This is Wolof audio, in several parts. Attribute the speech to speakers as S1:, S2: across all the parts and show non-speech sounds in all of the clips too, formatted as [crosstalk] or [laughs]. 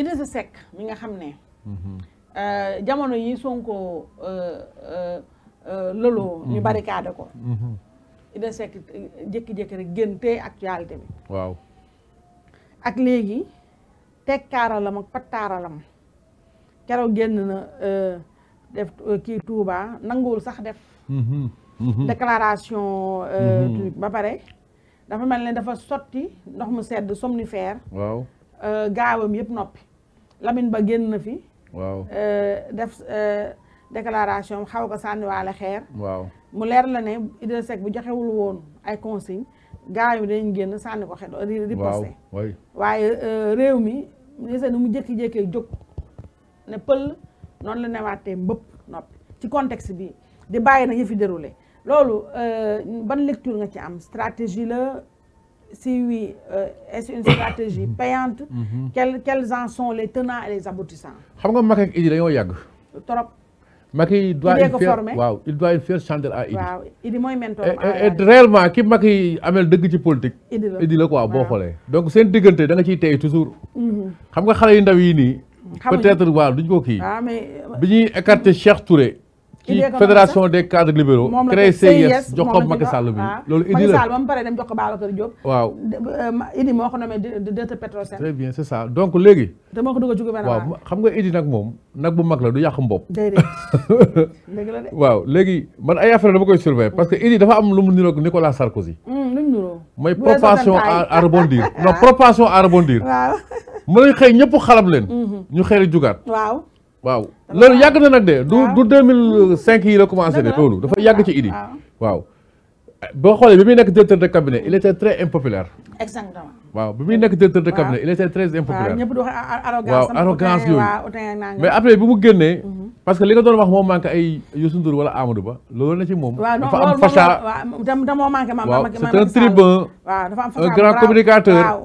S1: Idrissa Seck mi nga xam ne. Mhm. Euh, jamono yi sonkoo euh, euh, lëloo ñu mhm. barricade ko. Mhm. Idrissa Seck jékki-jékki rek génn tey actualité bi. waaw ak léegi tekkaaralam ak pattaaralam keroog génn na def kii Touba nanguwul sax def. déclaration. ba pare dafa mel ne dafa sotti ndox mu sedd somnifère. waaw gaawam yëpp noppi. Lamine Ba génn na fi. waaw def déclaration xaw ko sànniwaale xeer. waaw mu leer la ne Idrissa Seck bu joxewul woon ay consigne gars yi dañu génn sànni ko xeet riposté waaye réew mi gis ni mu jékki-jékkee jóg ne pël noonu la newaatee mbëpp noppi ci contexte bi di bàyyi na yëfi déroulé loolu ban lecture nga ci am stratégie la si oui, euh, est-ce une stratégie [coughs] payante mhm. quels, en sont les tenants et les aboutissants
S2: nga que Idi si je doit il il doit faire changer à
S1: Idi.
S2: réellement qui amel politique. Idi donc c'est toujours. Mhm. peut-être ah, euh, Touré. ci fédération des cadres libéraux. moom la jox ko Macky Sall bi ah, loolu Idi la
S1: mu paree dem jox ko Babacar Diop. waaw euh, Idi moo ko nommé léegi. te
S2: xam nga Idi nag moom nag bu mag la du yàq mbopp.
S1: déedéet [laughs] dëgg la
S2: waaw léegi man ay affaire dama koy surveiller parce que Idi dafa am lu mu niroog Nicolas Sarkozy. Hmm, mooy propension à rebondir [laughs] non propension à rebondir. waaw mën nañu xëy ñëpp xalam leen. Hmm, hmm. ñu xëy jugaat waaw la yàgg na nag de du du deux mille cinq yi la commencé de loolu dafa yàgg ci idi waaw boo xoolee bi muy nekk directeur de cabinet il était très impopulaire. exactement waaw bi muy nekk directeur de cabinet il était très impopulaire.
S1: waaw waaw arrogance yooyu mais après
S2: bi mu génnee. Mhm. parce que li nga doon wax moo manqué ay Youssou Ndour wala Amadou Ba loolu na ci moom. dafa am facha
S1: waaw c'est un tribun. un grand communicateur.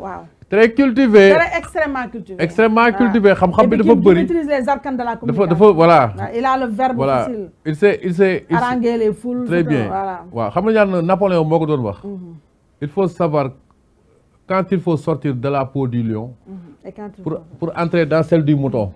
S2: très cultivé très
S1: extrêmement cultivé. extrêmement cultivé
S2: xam-xam bi dafa Il utilise
S1: les arcanes de la communication dafa dafa voilà. Ah, il a le verbe facile.
S2: il sait il sait il sait
S1: arranger les foules. très bien
S2: Wa xam nga ñaan Napoléon moko doon wax. Mhm. il faut savoir quand il faut sortir de la peau du lion.
S1: Mhm. et quand pour
S2: pour entrer dans celle du mouton.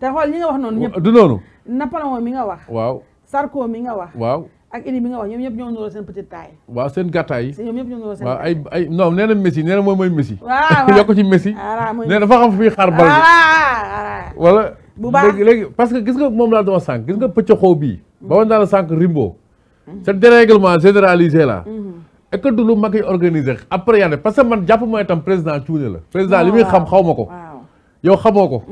S1: te xool ñi nga wax non? [laughs] ñëpp. du non. Napoléon mi nga wax. waaw Sarko mi nga wax. waaw. ak éni bi nga wax ñoom ñëpp ñoo nuroo seen petite taille.
S2: waaw seen gàttaay. ñoom ñëpp ay ay non Messi nee na mooy Messi. [laughs] yokk ci Messi.
S1: Ah, nee fa
S2: xam fi xaar bal bi. Ah, ah, wala. léegi parce que gis nga moom laa doon sànq gis nga pëccoxoo bii. ba woon naa la sànq Rimbo. Mhm. ce dérèglement généraliser là. Mhm. est que du lu mag yi organisé après yàlla parce que man jàpp mooy tam président cuune la. président li muy xam xaw ma ko. yow xamoo ko.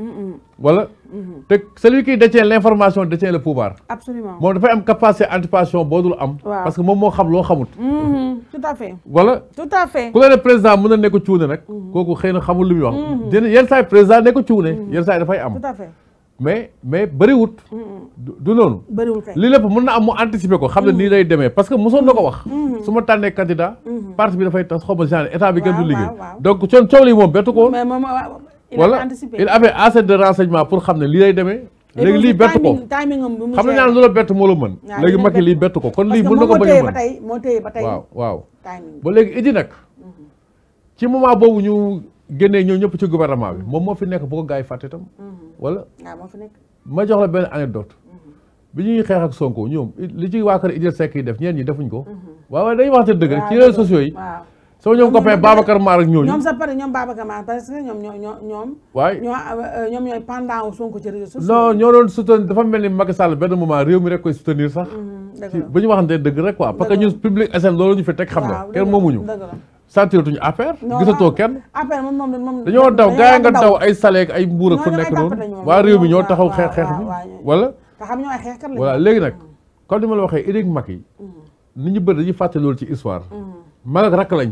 S2: voilà. Mhm. te celui qui détient l' information détient le pouvoir. absolument moom dafay am capacité anticipation boo dul am. parce que moom moo xam loo xamut.
S1: Mhm. tout à fait. voilà tout ku la
S2: ne président mën na nekk cuune nag. Mhm. kooku xëy na xamul lu muy wax. dina yenn saa yi président nekk cuune. yenn saa yi dafay am. tout à fait. mais mais bëriwut. du noonu. li lépp mën na am mu anticiper ko xam ne nii lay demee parce que mosoon na ko wax. su ma tànnee candidat. parti bi dafay tas xaw ma genre état bi gën du voilà il avait assez de renseignement pour xam ne lii lay demee. léegi lii bett ko xam nañu lu la bett moo la mën. léegi Macky lii bett ko kon lii mën na ko bañ a
S1: mën waaw
S2: waaw. ba léegi Idy nag. ci moment boobu ñu génnee ñëw ñëpp ci gouvernement bi moom moo fi nekk bu ko gaay fàtte itam.
S1: Mm-hmm. wala
S2: ma jox la benn anecdote mm-hmm. bi ñuy xeex ak Sonko ñoom li ci waa kër Idrissa Seck yi def ñeen ñi defuñ ko. Mm-hmm. waaw waaye dañuy waxante dëgg ci réseaux sociaux yi. soo ñoom copain Babacar Mar ak ñooñu ñoom sa
S1: pare ñoom Babacar Mar parce que ñoom ñoo ñoo ñoom waay euh, ñoom
S2: dafa mel ni Macky Sall benn moment réew mi rek koy soutenir sax mm-hmm, bu ñu waxante dëgg rek quoi parce que ñun public SN loolu ñu fi teg xam nga kenn moomuñu sentiratuñu affaire gisatoo kenn
S1: affaire moom moom moom dañoo daw gaa yi nga daw ay
S2: saleeg ay mbuur ak nekk noonu waa réew mi ñoo taxaw xeex xeex bi wala voilà léegi nag comme ni ma la waxee Idy ak Macky mm-hmm. nit ñu bëri dañuy fàtte ci histoire mm-hmm. mag ak rakk lañ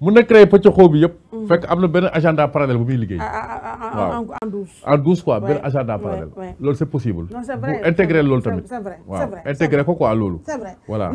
S2: mun na créer pëccaxoo bi yëpp. Mm. fekk am na benn agenda parallèle bu muy liggéey. Ah, ah, ah, waaw en douce. en douce quoi benn agenda parallèle. loolu c' possible. non bu intégrer loolu tamit. waaw intégrer ko quoi loolu. c' voilà.